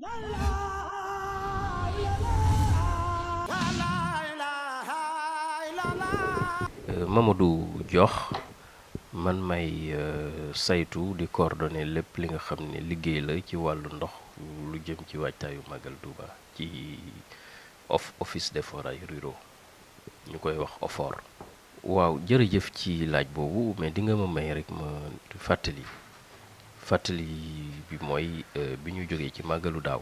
Euh, Mamadou jox man may euh, saytu di coordonner lépp li nga xam ne liggéey la ci wàllu ndox lu jëm ci waajtaayu màggal Touba ci of office des forages ruraux ñu koy wax OFOR waaw jërëjëf ci laaj boobu mais di nga ma may rek ma fàttali fatali bi moy euh, biñu ñu ci màggalu daw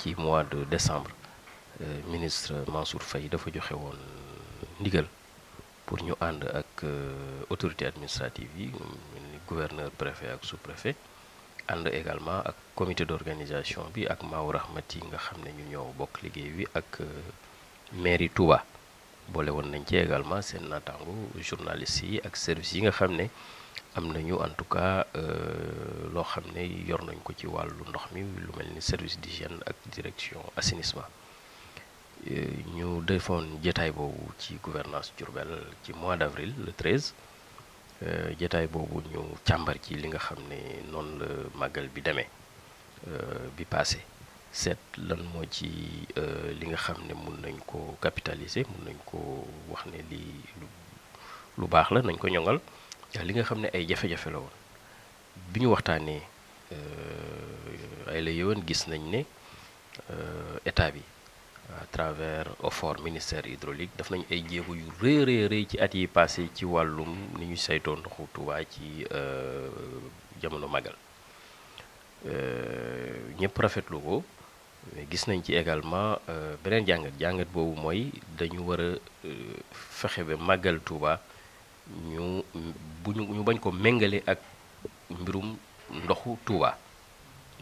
ci mois de décembre euh, ministre Mansour Faye dafa joxé woon ndigal pour ñu and ak euh, autorité administrative yi gouverneur préfet ak sous-préfet and également ak comité d'organisation bi ak Maawu Rahmati nga xamné ñu ñoo bok liggéey wi ak mairie Touba bolé won nañ également sen natangu journalistes yi ak service yi nga en tout cas euh, le yor service d'hygiène ak direction assainissement euh, ñu gouvernance ci mois d'avril le 13 Nous euh, boobu ñu càmbar ci li nga ne la bi set lan mo ci euh, li nga xamne mën nañ ko capitaliser mën nañ ko wax ne li lu bax la nañ ko ñongal li nga xamne ay jafé jafé la won biñu waxtane euh ay la yewon gis nañ ne euh, état bi à travers fort ministère hydraulique daf nañ ay jéego yu ré ré ré ci at yi passé ci walum ni ñu saytoon xou Touba ci euh, jamono magal rafet lu ko mais gis nañ ci également euh, beneen jàngat jàngat boobu mooy dañu war a euh, fexe ba Touba ñu bu ñu bañ ko méngale ak mbirum ndoxu Touba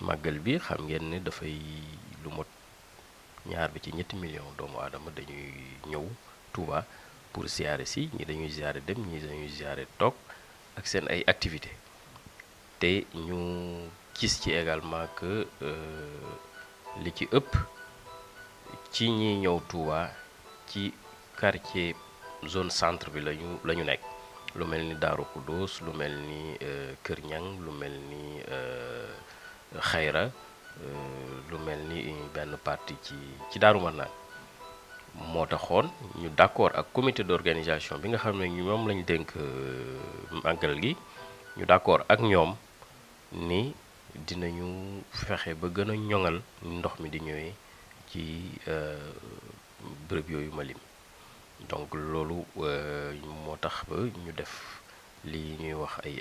màggal bi xam ngeen ne lu mot ñaar bi ci ñetti million doomu aadama dañuy ñëw pour ziare si ñi dañuy ziare dem ñi dañuy ziare toog ak seen ay activités te ñu gis ci également que. Euh, li ci ëpp ci ñi ñëw Touba ci quartier zone centre bi lañu la ñu nekk lu mel ni Daaru Xuddoos lu mel ni euh, Kër Ñang lu mel ni euh, Xayra euh, lu mel ni benn partie ci ci Daaru Marnaan moo taxoon ñu d'accord ak comité d'organisation bi nga xam ne ñoom lañ dénk màggal gi ñu d'accord ak ñoom ni dinañu fexe ba gën a ndox mi di ci euh, donc euh, ba ñu li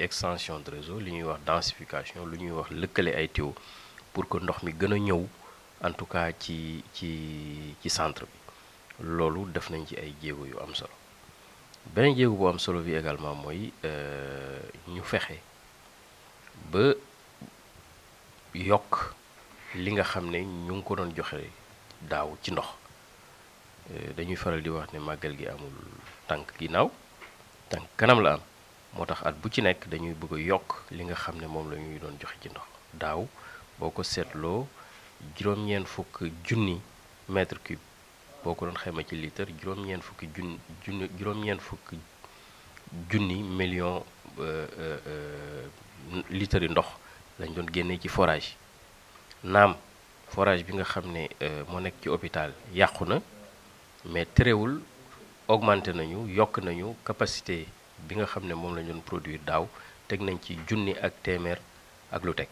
extension de réseau li ñuy wax densification lu ñuy wax lëkkale pour que ndox mi en tout cas ci ci ci centre bi loolu def nañ ci ay yu am également ñu yokk li nga xam ne ñu ngi ko doon joxe daaw ci ndox eh, dañuy faral di wax ne màggal gi amul tànk ginnaaw tànk kanam la am moo tax at bu ci nekk dañuy bëgg a yokk li nga xam ne moom lañuy doon joxe ci ndox daaw boo ko seetloo juróom-ñeent fukk junni boo ko doon xayma ci litre juróom-ñeent fukki junni junni juróom junni million euh, euh, euh, litre ndox lañ doon génnee ci forage naam forage bi nga xam ne euh, moo nekk ci hôpital yàqu na mais terewul augmenté nañu yokk nañu capacité bi nga xam ne moom lañ doon produire daaw teg nañ ci junni ak téeméer ak lu teg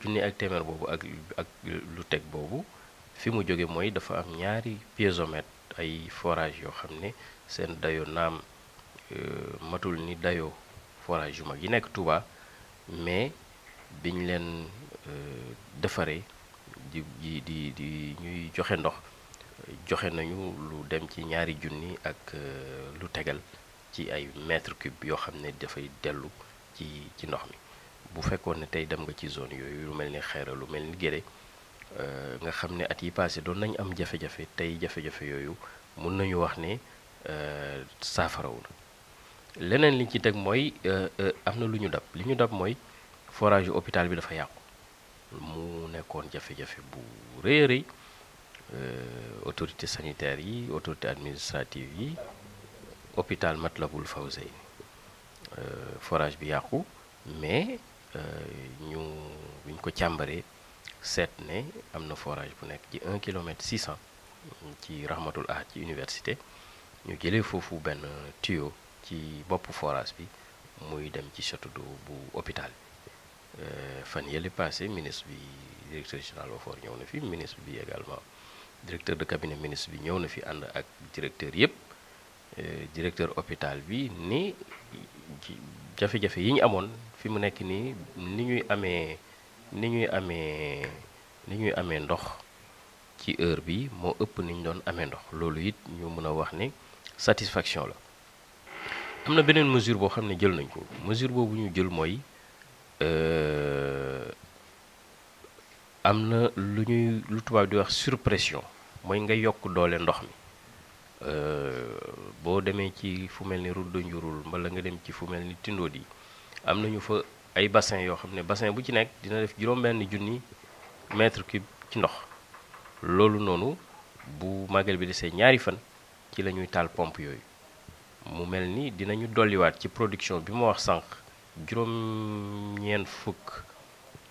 junni ak téeméer boobu ak ak lu teg boobu fi mu jóge mooy dafa am ñaari piézomètre ay forage yoo xam ne seen dayoo naam euh, matul ni dayo forage yu mag yi nekk Touba mais biñ leen euh, defaree di di di di ñuy joxe ndox joxe nañu lu dem ci ñaari junni ak euh, lu tegal ci ay mètre cube yoo xam ne dafay dellu ci ci ndox mi bu fekkoon ne tey dem nga ci zone yooyu lu mel ni xeera lu mel ni Guédé euh, nga xam ne at yi passé doon nañu am jafe-jafe tey jafe-jafe yooyu mun nañu wax ne saafarawu na leneen liñ ci teg mooy am na lu ñu dab li ñu dab mooy forage hôpital bi dafa yàqu mu nekkoon jafe-jafe bu rëy a rëy euh, autorité sanitaire yi autorité administrative yi hôpital Matlaboul Fawzeyni euh, forage bi yàqu mais euh, ñu buñ ko càmbaree seet ne am na forage bu nekk ci 1 kilomètre 600 ci Rahmatul ah ci université ñu jëlee foofu benn tuyau ci bopp forage bi muy dem ci château d'eau bu hôpital bi euh, fan est passé ministre bi directeur général OFOR ministre également directeur de cabinet ministre bi directeur euh, directeur hôpital bi ni j'afé j'afé yi fi nekk ni satisfaction la mesure jël nañ ko mesure ñu Euh, am na lu ñuy lu tubaab di wax surpression mooy nga yokk doole ndox mi euh, boo demee ci fu mel ni route de Njurul mbala nga dem ci fu mel ni Tindodi yi am nañu fa ay bassin yoo xam ne bassin bu ci nekk dina def juróom-benn junni mètre cube ci ndox loolu noonu bu màggal bi desee ñaari fan ci la ñuy taal pomp yooyu mu mel ni dinañu dolliwaat ci production bi mu wax sànq juróom-ñeent fukk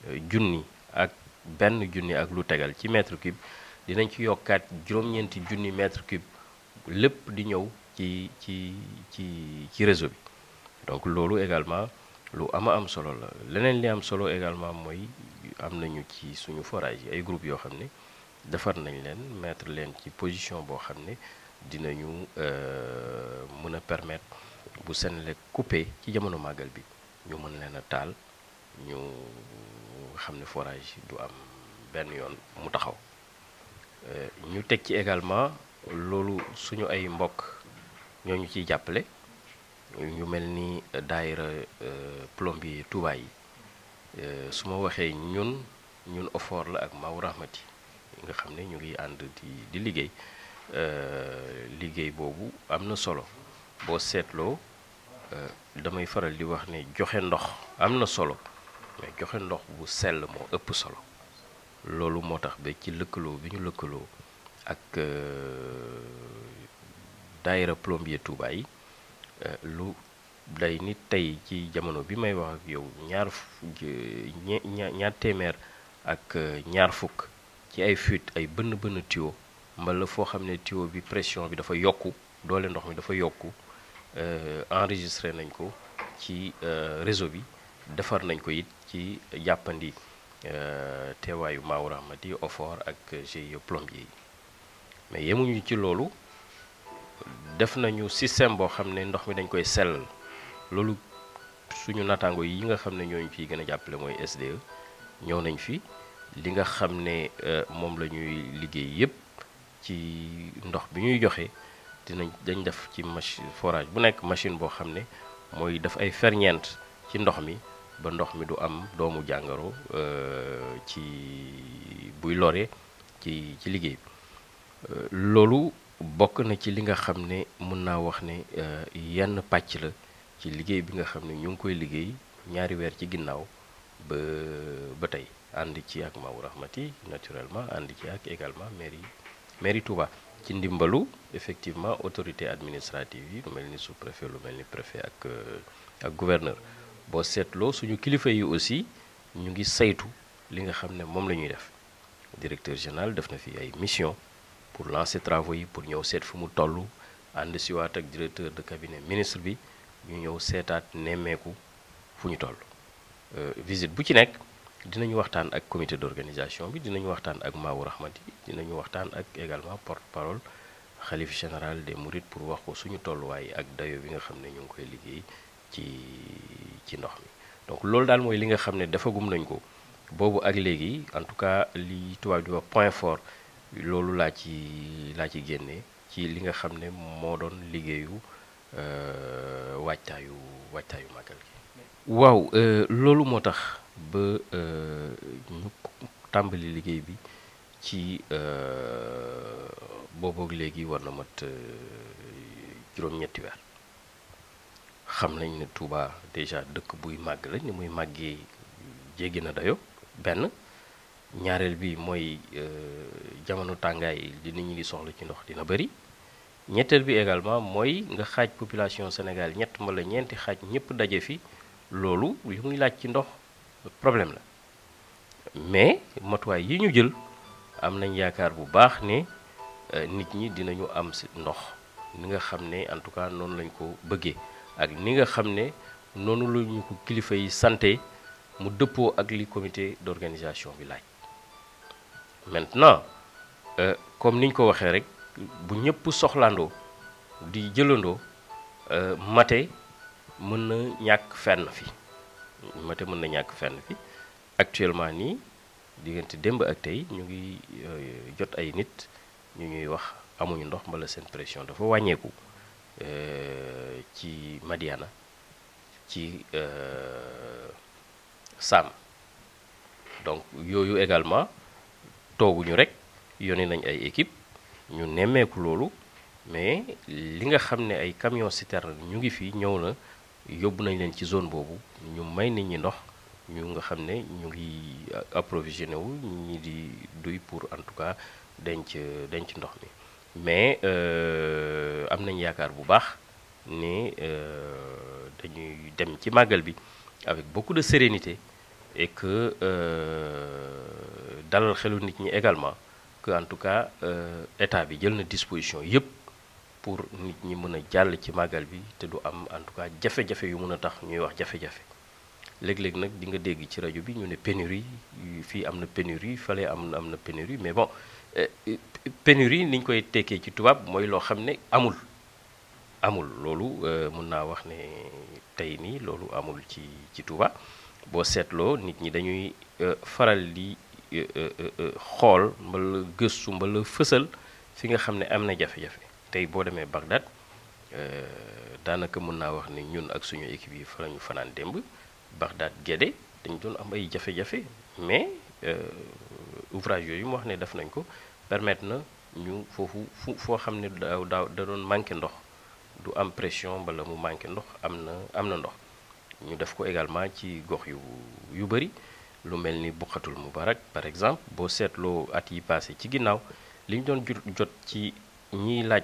euh, junni ak benn junni ak lu tegal ci mètre cube dinañ ci mètre cube donc loolu également lu ama am solo la am solo également mooy am nañu ci suñu forage groupe defar position boo xam ne dinañu euh, permettre ñu mën leen a taal ñu xam ne forage du am benn yoon mu taxaw euh, ñu teg ci également loolu suñu ay mbokk ñoo ñu ciy jàppale ñu mel ni daayira euh, plombier Touba yi euh, su ma waxee ñun ñun Ofor la ak maw Rahmati nga xam ne ñu ngi ànd di di liggéey liggéey boobu am na solo boo seetloo. Euh, damay faral di wax ni joxe ndox solo mais joxe ndox bu sell solo ci ak euh, daayira plombier Touba yi euh, lu day ni tey ci jamono bi may wax ak yow ñaar ñaar ak ñaar ci ay fuite ay bënn bënn mbala foo xam ne bi pression bi dafa yokku ndox euh, enregistré nañ ko ci euh, réseau bi defar nañ ko it ci jàppandi euh, teewaayu Maawu Rahmati OFOR ak GIE plombier yi mais yemuñu ci loolu def nañu système boo xam ne ndox mi dañ koy sellal loolu suñu natango yi nga xam ne ñooñu ciy gën a jàppale mooy SDE ñëw nañ fi li nga xam ne moom la ñuy liggéey yépp ci ndox bi ñuy joxe dinañ dañ def ci machine forage bu nekk machine boo xam ne mooy def ay ferñeent ci ndox mi ba ndox mi du am doomu jàngoro euh, ci buy lore ci ci liggéey bi euh, loolu bokk na ci li nga xam ne mën naa wax ne euh, yenn pàcc la ci liggéey bi nga xam ne ñu ngi koy liggéey ñaari weer ci ginnaaw ba ba tey ànd ci ak Maou Rahmati naturellement ànd ci ak également mairie mairie Touba ci ndimbalu effectivement autorité administrative le lu sous préfet lu préfet ak euh, ak gouverneur bo setlo suñu kilifa yi aussi ñu ngi saytu li nga xam mom lañuy def directeur général def na fi ay mission pour lancer travaux yi pour ñëw set fu mu and ci siwaat ak directeur de cabinet ministre bi ñu ñëw setat nemmeeku fu ñu euh, visite bu ci dinañu waxtaan ak comité d'organisation bi dinañu waxtaan ak Mawou Rahmati dinañu waxtaan ak également porte-parole Khalife général des Mourides pour wax ko suñu tolluwaay ak dayo bi nga xamné ñu ngi koy liggéey ci ci nox mi donc lool daal moy li nga xamné dafa gum nañ ko bobu ak légui en tout cas li tubaab di wax point fort loolu la ci la ci génné ci li nga xam ne moo doon liggéeyu euh, waajtaayu waajtaayu màggal gi waaw euh loolu motax ba ñu euh, tàmbali liggéey bi ci euh, boobook léegi war na mat euh, juróom-ñetti weer xam nañ ne Touba déjà dëkk buy màgg lañ ni muy màggee jéggi na dayo benn ñaareel bi mooy jamono tàngaay li nit ñi di soxla ci ndox dina bëri ñetteel bi également mooy nga xaaj population Sénégal ñett mbala ñeenti xaaj ñëpp daje fi loolu li muy laaj ci ndox problème la mais matuwaay yi ñu jël am nañ yaakaar bu baax ne euh, nit ñi dinañu am ndox ni nga xam en tout cas noonu lañ ko bëggee ak ni nga xam ne noonu ko kilifa comité d'organisation maintenant euh, comme niñ ko waxee rek bu ñëpp soxlaandoo di euh, fenn mate mën na ñak fenn fi actuellement ni digënté demb ak tay ñu ngi eh, jot ay nit ñu ñuy wax amuñu ndox mbala sen pression dafa euh ci madiana ci eh, sam donc yoyu également ñu rek yoni nañ ay équipe ñu nemmeeku lolu mais li nga xamné ay camion citerne ñu ngi fi ñëw na yóbbu nañ leen ci zone boobu ñu may nit ñi ndox ñu nga xam ne ñu ngi approvisionné wu ñi di duy pour en tout cas denc denc ndox mi mais euh, am nañ yaakaar bu baax ni euh, dañuy dem ci màggal bi avec beaucoup de sérénité et que euh, dalal xelu nit ñi également que en tout cas euh, état bi jël na disposition yépp pour nit ñi mën a jàll ci màggal bi te du am en tout cas jafé jafé yu mën a tax ñuy wax jafé jafe léeg-léeg nag di nga dégg ci radio bi ñu né pénurie fi amna pénurie fallait amna amna pénurie mais bon euh, pénurie ni ñu koy téké ci tubaab moy lo xamné amul amul lolu euh, mën naa wax ne tay ni lolu amul ci ci Touba bo seetloo nit ñi dañuy euh, faral di xool mbala gëstu mbala fësal fi nga xamné amna jafé jafé tey bo demee Bagdad euh, daanaka mën naa wax ni ñun ak suñu équipe yi fa lañu fanan demb Bagdad Guédé dañ doon am ay jafé jafé mais euh ouvrage yooyu mu wax né def nañ ko permettre na ñu fofu fo xamné xam da doon manké ndox du am pression bala mu manké ndox amna amna ndox ñu def ko également ci gox yu yu bari lu melni ni Buqatul Mubarak par exemple bo setlo at yi passé ci ginnaw liñ doon jot ci ñi laaj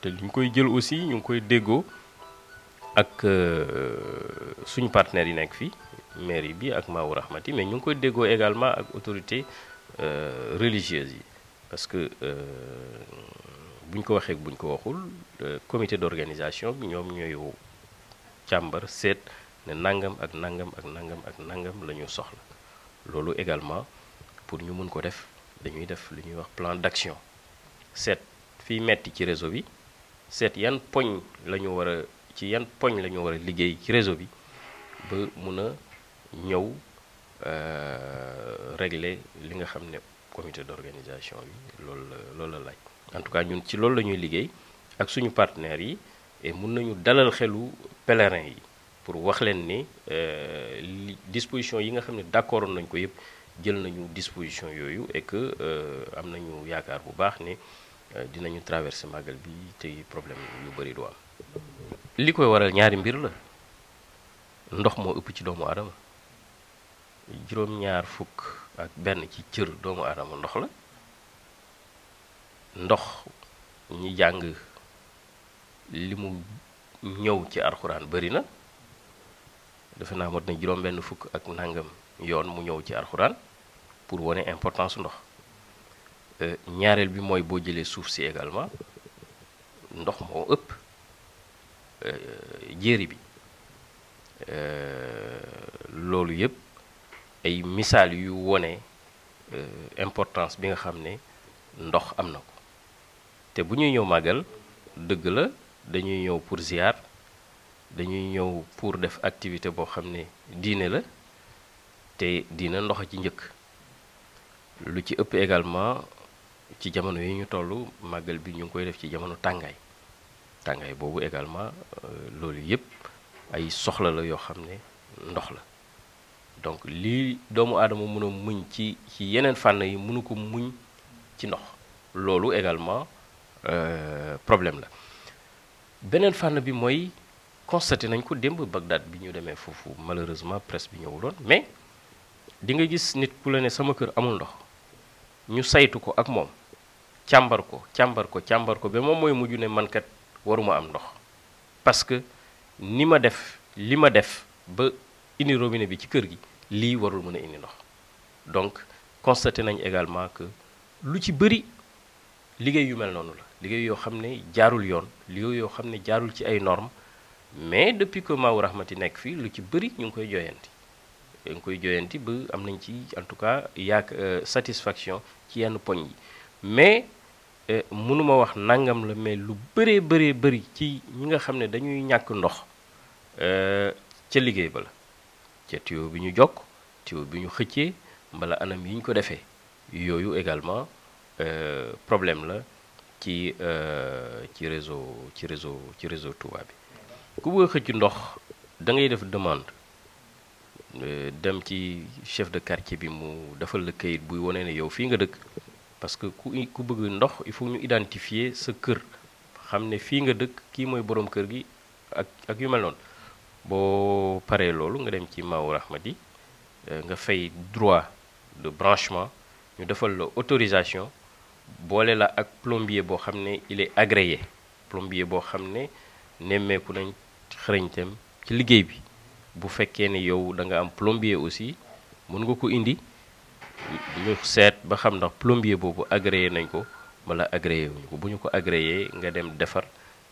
te ñu koy jël aussi ñu koy déggoo ak euh, suñu partenaires yi nekk fi mairie bi ak Maawu Rahmati mais ñu ngi koy déggoo également ak autorités euh, religieuses yi parce que euh, bu ñu ko waxee buñ ko waxul comité d'organisation bi ñoom ñooy càmbar seet ne nangam ak nangam ak nangam ak nangam la ñu soxla loolu également pour ñu mun ko def dañuy def li ñuy wax plan d'action seet fii metti ci réseau bi set yan poñ lañu wara ci yan poñ lañu wara war liggéey ci réseau bi ba mun a ñëw euh, régler li nga xam ne comité d'organisation bi loolu la loolu la laaj en tout cas ñun ci loolu la ñuy liggéey ak suñu partenaire yi et mun nañu dalal xelu pèlerin yi pour wax leen ni euh, li disposition yi nga xam ne d'accord nañ ko yëpp jël nañu disposition yooyu et que euh, am nañu yaakaar bu baax ne Euh, dinañu traversé màggal bi te problème yu bari du am li koy waral ñaari mbir la ndox moo ëpp ci doomu aadama juróom-ñaar fukk ak benn ci cër doomu aadama ndox la ndox ñi jàng li mu ñëw ci arxuraan bëri na defe naa mot na juróom benn fukk ak nangam yoon mu ñëw ci arxuraan pour wone importance ndox Euh, ñaareel bi mooy boo jëlee suuf si également ndox moo ëpp euh, jéeri bi euh, loolu yëpp ay misaal yu wone importance bi nga xam ne ndox am na ko te bu ñuy ñëw màggal dëgg la dañuy ñëw pour ziar dañuy ñëw pour def activité boo xam ne diine la te diine ndox ci njëkk lu ci ëpp également ci jamono yi ñu tollu màggal bi ñu ngi koy def ci jamono tàngaay tàngaay boobu également euh, loolu yëpp ay soxla la yoo xam ne ndox la donc lii doomu aadama mën a muñ ci ci yeneen fànn yi mënu ko muñ ci ndox loolu également euh, problème la beneen fànn bi mooy constaté nañ ko démb Bagdad bi ñu demee foofu malheureusement presse bi ñëwuloon mais di nga gis nit ku la ne sama kër amul ndox ñu saytu ko ak moom càmbar ko càmbar ko càmbar ko ba moom mooy mujj ne mankat kat waruma am ndox parce que ni ma def li ma def ba indi robinet bi ci kër gi lii warul mën a indi ndox donc constaté nañ également que lu ci bëri liggéey yu mel noonu la liggéey yoo xam ne jaarul yoon li yooyu yoo xam ne jaarul ci ay normes mais depuis que Maou Rahmati nekk fii lu ci bëri ñu ngi koy jooyanti nga koy joyanti bu am nañ ci en tout cas yak euh, satisfaction ci yenn poñ yi mais euh, mënuma wax nangam la mais lu bëree bëree bëri ci ñi nga xam dañuy ñak ndox euh, ci liggéey ba la ci tiyo bi ñu jokk tiyo bi ñu xëccee mbala anam yiñ ko defee yooyu également problème la ci ci réseau ci réseau ci réseau Touba bi ku bëgg a xëcc ndox da ngay def demande euh, dem ci chef de quartier bi mu defal le kayit buy wane ne yow fii nga dëkk parce que ku ku bëgg ndox il faut ñu identifier sa kër xam ne fii nga dëkk kii mooy borom kër gi ak ak yu mel noonu boo paree loolu nga dem ci Maawu Rahmati euh, nga fay droit de branchement ñu defal la autorisation boole la ak plombier boo xam ne il est agréé plombier boo xam ne nemmeeku nañ xarañteem ci liggéey bi. bu fekkee ne yow da nga am plombier aussi mën nga ko indi ñu seet ba xam ndax plombier boobu agréé nañ ko wala agréé wuñ ko bu ñu ko agréé nga dem defar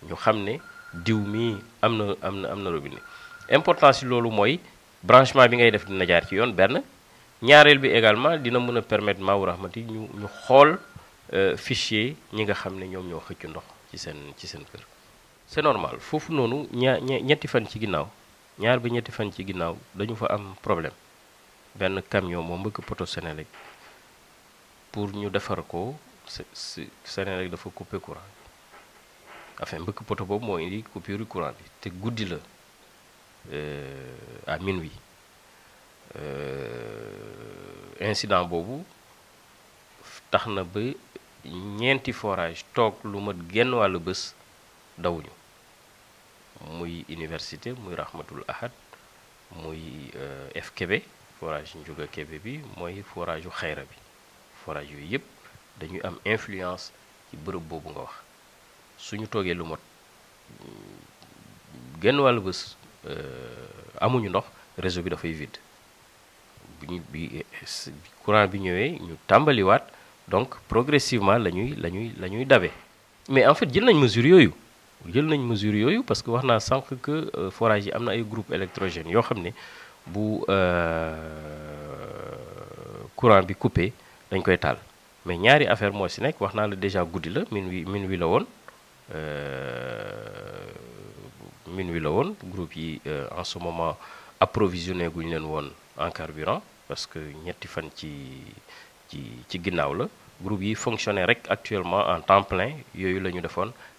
ñu xam ne diw mii am na am na am na robinet importance yi loolu mooy branchement bi ngay def dina jaar ci yoon benn ñaareel bi également dina mën a permettre maawu rahmati ñu ñu xool euh, fichier ñi nga xam ne ñoom ñoo xëcc ndox ci seen ci seen kër c'est normal foofu noonu ña ñetti fan ci ginnaaw ñaar bi ñetti fan ci ginnaaw dañu fa am problème benn camion moo mbëkk poto Senelec pour ñu defar ko Senelec dafa couper courant enfin mbëkk poto boobu moo indi coupure courant bi te guddi la euh, à minuit euh, incident boobu tax na ba ñeenti forage toog lu mat genn wàllu bés dawuñu muy université muy rahmatul ahad muy eh, FKB forage njuga kb bi moy forage yu bi forage yooyu dañuy am influence ci brûle bobu nga wax suñu toogee lu mot mm, genn bëss euh amuñu ndox réseau bi fay vide biñu bi courant bi ñëwé ñu donc progressivement la nuit, la nuit, la dabe mais en fait jël nañ mesure jël nañ mesure yooyu parce que wax naa sànq que euh, forage yi am na ay groupe électrogène yoo xam ne bu euh, courant bi coupé dañ koy taal mais ñaari affaire moo si nekk wax naa la déjà guddi la min wi min wi la woon euh, min wi la woon groupe yi en ce moment approvisionné guñu leen woon en carburant parce que ñetti fan ci ci ci ginnaaw la groupe yi fonctionné rek actuellement en temps plein yooyu la ñu defoon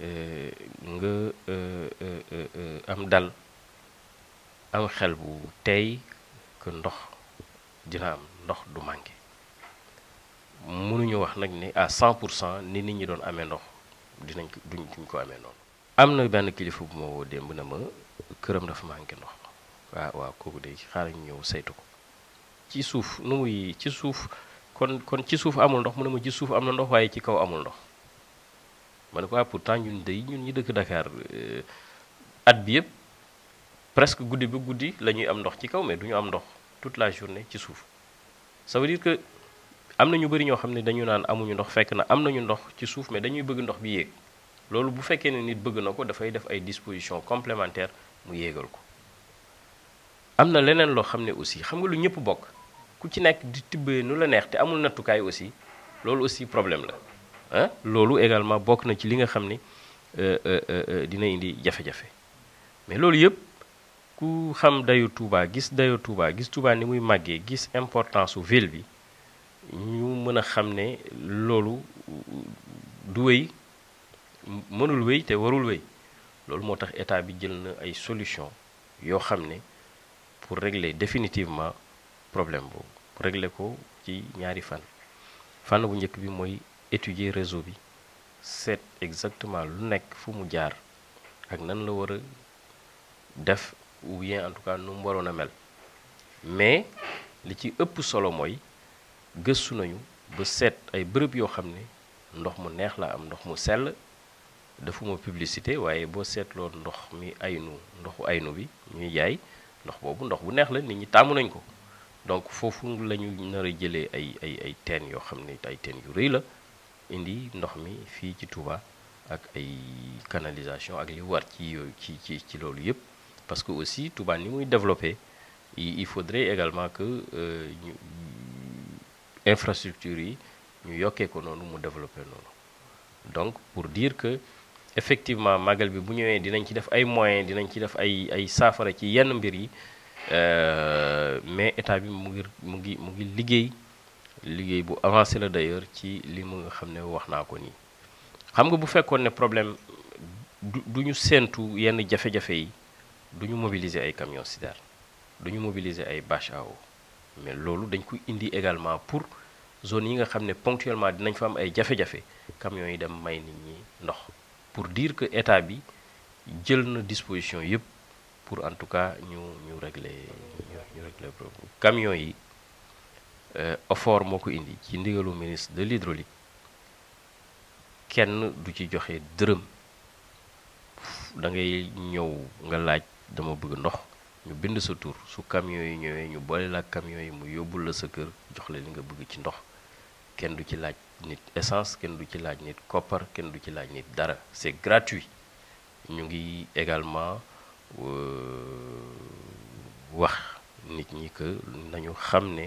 nga eh, eh, eh, am dal am xel bu tey que ndox dina am ndox du manqué mënuñu wax nag ni à cent pour cent ni nit ñi doon amee ndox dinañ ko duñ duñ ko amee noonu. am na benn kilifa bu ma woo démb na ma këram dafa manqué ndox waaw waaw kooku de xaaral ñu ñëw saytu ko ci suuf nu muy ci suuf kon kon ci suuf amul ndox mu ne ma ci suuf am na ndox waaye ci kaw amul ndox. ma ko pourtant ñun day ñun ñi dëkk Dakar euh, at bi yëpp presque guddi ba guddi lañuy am ndox ci kaw mais duñu am ndox toute la journée ci suuf ça veut dire que am na ñu bëri ñoo xam ne dañu naan amuñu ndox fekk na am nañu ndox ci suuf mais dañuy bëgg ndox bi yéeg loolu bu fekkee ne nit bëgg na ko dafay def ay dispositions complémentaires mu yéegal ko am na leneen loo xam ne aussi xam nga lu ñëpp bokk ku ci nekk di tibbee nu la neex te amul nattukaay aussi loolu aussi problème la Lolo hein? loolu également bokk na ci li nga xam ne euh, euh, euh, dina indi jafe-jafe mais loolu yëpp ku xam dayu Touba gis dayu Touba gis Touba ni muy màggee gis importance su ville bi ñu mën a xam ne loolu du wéy mënul wéy te warul wéy loolu moo état bi jël ay solution yo xam ne pour régler définitivement problème boobu régler ko ci ñaari fan fànn bu njëkk bi mooy étudier réseau bi set exactement lu nek fu mu jaar ak nan la wara def ou bien en tout cas nu mu mel mais li ci ëpp solo moy gëstu nañu ba set ay bërëb yo xamné ndox mu neex la am ndox mu sell defuma publicité waaye boo seetloo ndox mi aynu ndoxu aynu bi ñuy jaay ndox boobu ndox bu neex la nit ñi taamu nañ ko donc foofu lañu ñu nar a jëlee ay ay ay teen yoo xam ne ay teen yu rëy la indi ndox mi fi ci Touba ak ay canalisation ak li war ci ci ci ci loolu parce que aussi Touba ni muy développé il faudrait également que euh, infrastructure yi ñu yoké ko nonu mu développer noonu donc pour dire que effectivement magal bi bu ñëwé dinañ ci def ay moyens dinañ ci def ay ay saafara ci yenn mbir yi euh, mais état bi mu ngi mu ngi mu ngi liggéey liggéey bu avancé la d'ailleurs ci li mu nga xam ne wax naa ko nii xam nga bu fekkoon ne problème du du ñu yenn jafe-jafe yi duñu mobiliser ay camions sidar duñu mobiliser ay bâche à eau mais loolu dañ koy indi également pour zone yi nga xam ne ponctuellement dinañ fa am ay jafe-jafe camions yi dem may nit ñi ndox pour dire que état bi jël na disposition yëpp pour en tout cas ñu ñu régler ñu régler problème camions yi. Euh, OFOR moo ko indi ci ndigalu ministre de l'hydraulique kenn du ci joxe dërëm da ngay ñëw nga laaj dama bëgg ndox ñu bind sa tur su camion yi ñëwee ñu boole la camion yi mu yóbbul la sa kër jox la li nga bëgg ci ndox kenn du ci laaj nit essence kenn du ci laaj nit koppar kenn du ci laaj nit dara c'est gratuit ñu ngi également euh, wax nit ñi que nañu xam ne.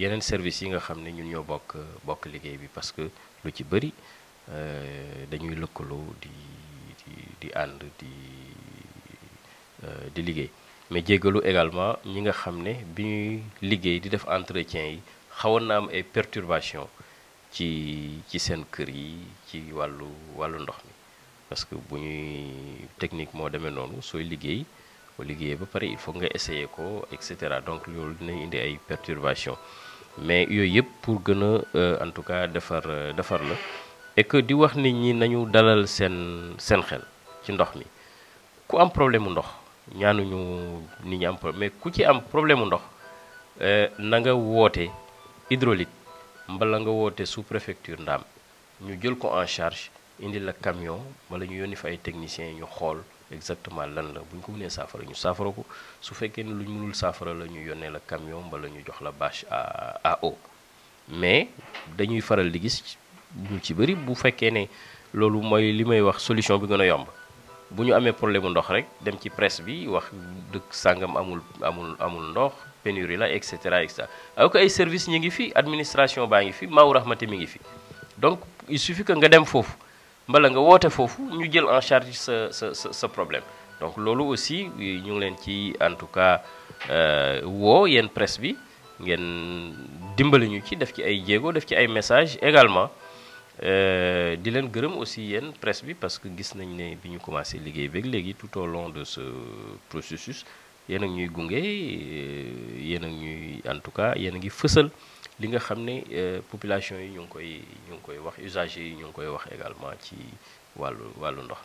yeneen service yi nga xam ne ñun ñoo bokk bokk liggéey bi parce que lu ci bëri euh, dañuy lëkkaloo di di di ànd di euh, di liggéey mais jéggalu également ñi nga xam ne bi ñuy liggéey di def entretien yi xawoon na am ay perturbation ci ci seen kër yi ci wàllu wàllu ndox mi parce que bu ñuy technique moo demee noonu sooy liggéey boo liggéeyee ba pare il faut nga essayer ko et cetera donc loolu dinañ indi ay perturbation mais yooyu yëpp pour gën a euh, en tout cas defar euh, defar la et que di wax nit ñi nañu dalal seen seen xel ci ndox mi ku am problème mu ndox ñaanuñu nit ñi am problème mais ku ci am problème mu ndox euh, na nga woote hydraulique mbala nga woote sous préfecture ndaam ñu jël ko en charge indi la camion wala ñu yónni fa ay techniciens ñu xool exactement lan la buñ ko mënee saafara ñu saafara ko su fekkee ni luñ mënul saafara la ñu yónnee la camion mbala ñu jox la bâche à à eau mais dañuy faral di gis ñu ci bari bu fekkee ne loolu mooy li may wax solution bi gën a yomb bu ñu amee problème ndox rek dem ci presse bi wax dëkk sàngam amul amul amul ndox pénurie la et cetera et cetera alors que ay service ñi ngi fi administration baa ngi fi maaw rahmati mi ngi fi donc il suffit que nga dem foofu mbala nga woote foofu ñu jël en charge ce ce ce problème donc lolu aussi euh, ñu ngi len ci en tout cas euh, wo yéen presse bi ngeen dimbali ñu ci def ci ay djégo def ci ay message également euh, di len gërëm aussi yéen presse bi parce que gis nañ né biñu commencé liggéey bék légui tout au long de ce processus yéen a ngi ñuy gunge yéen a ñuy en tout cas yéen a ngi fësal li nga xamné euh, population yi ñu ngi koy ñu ngi koy wax usagers yi ñu ngi koy wax également ci walu walu ndox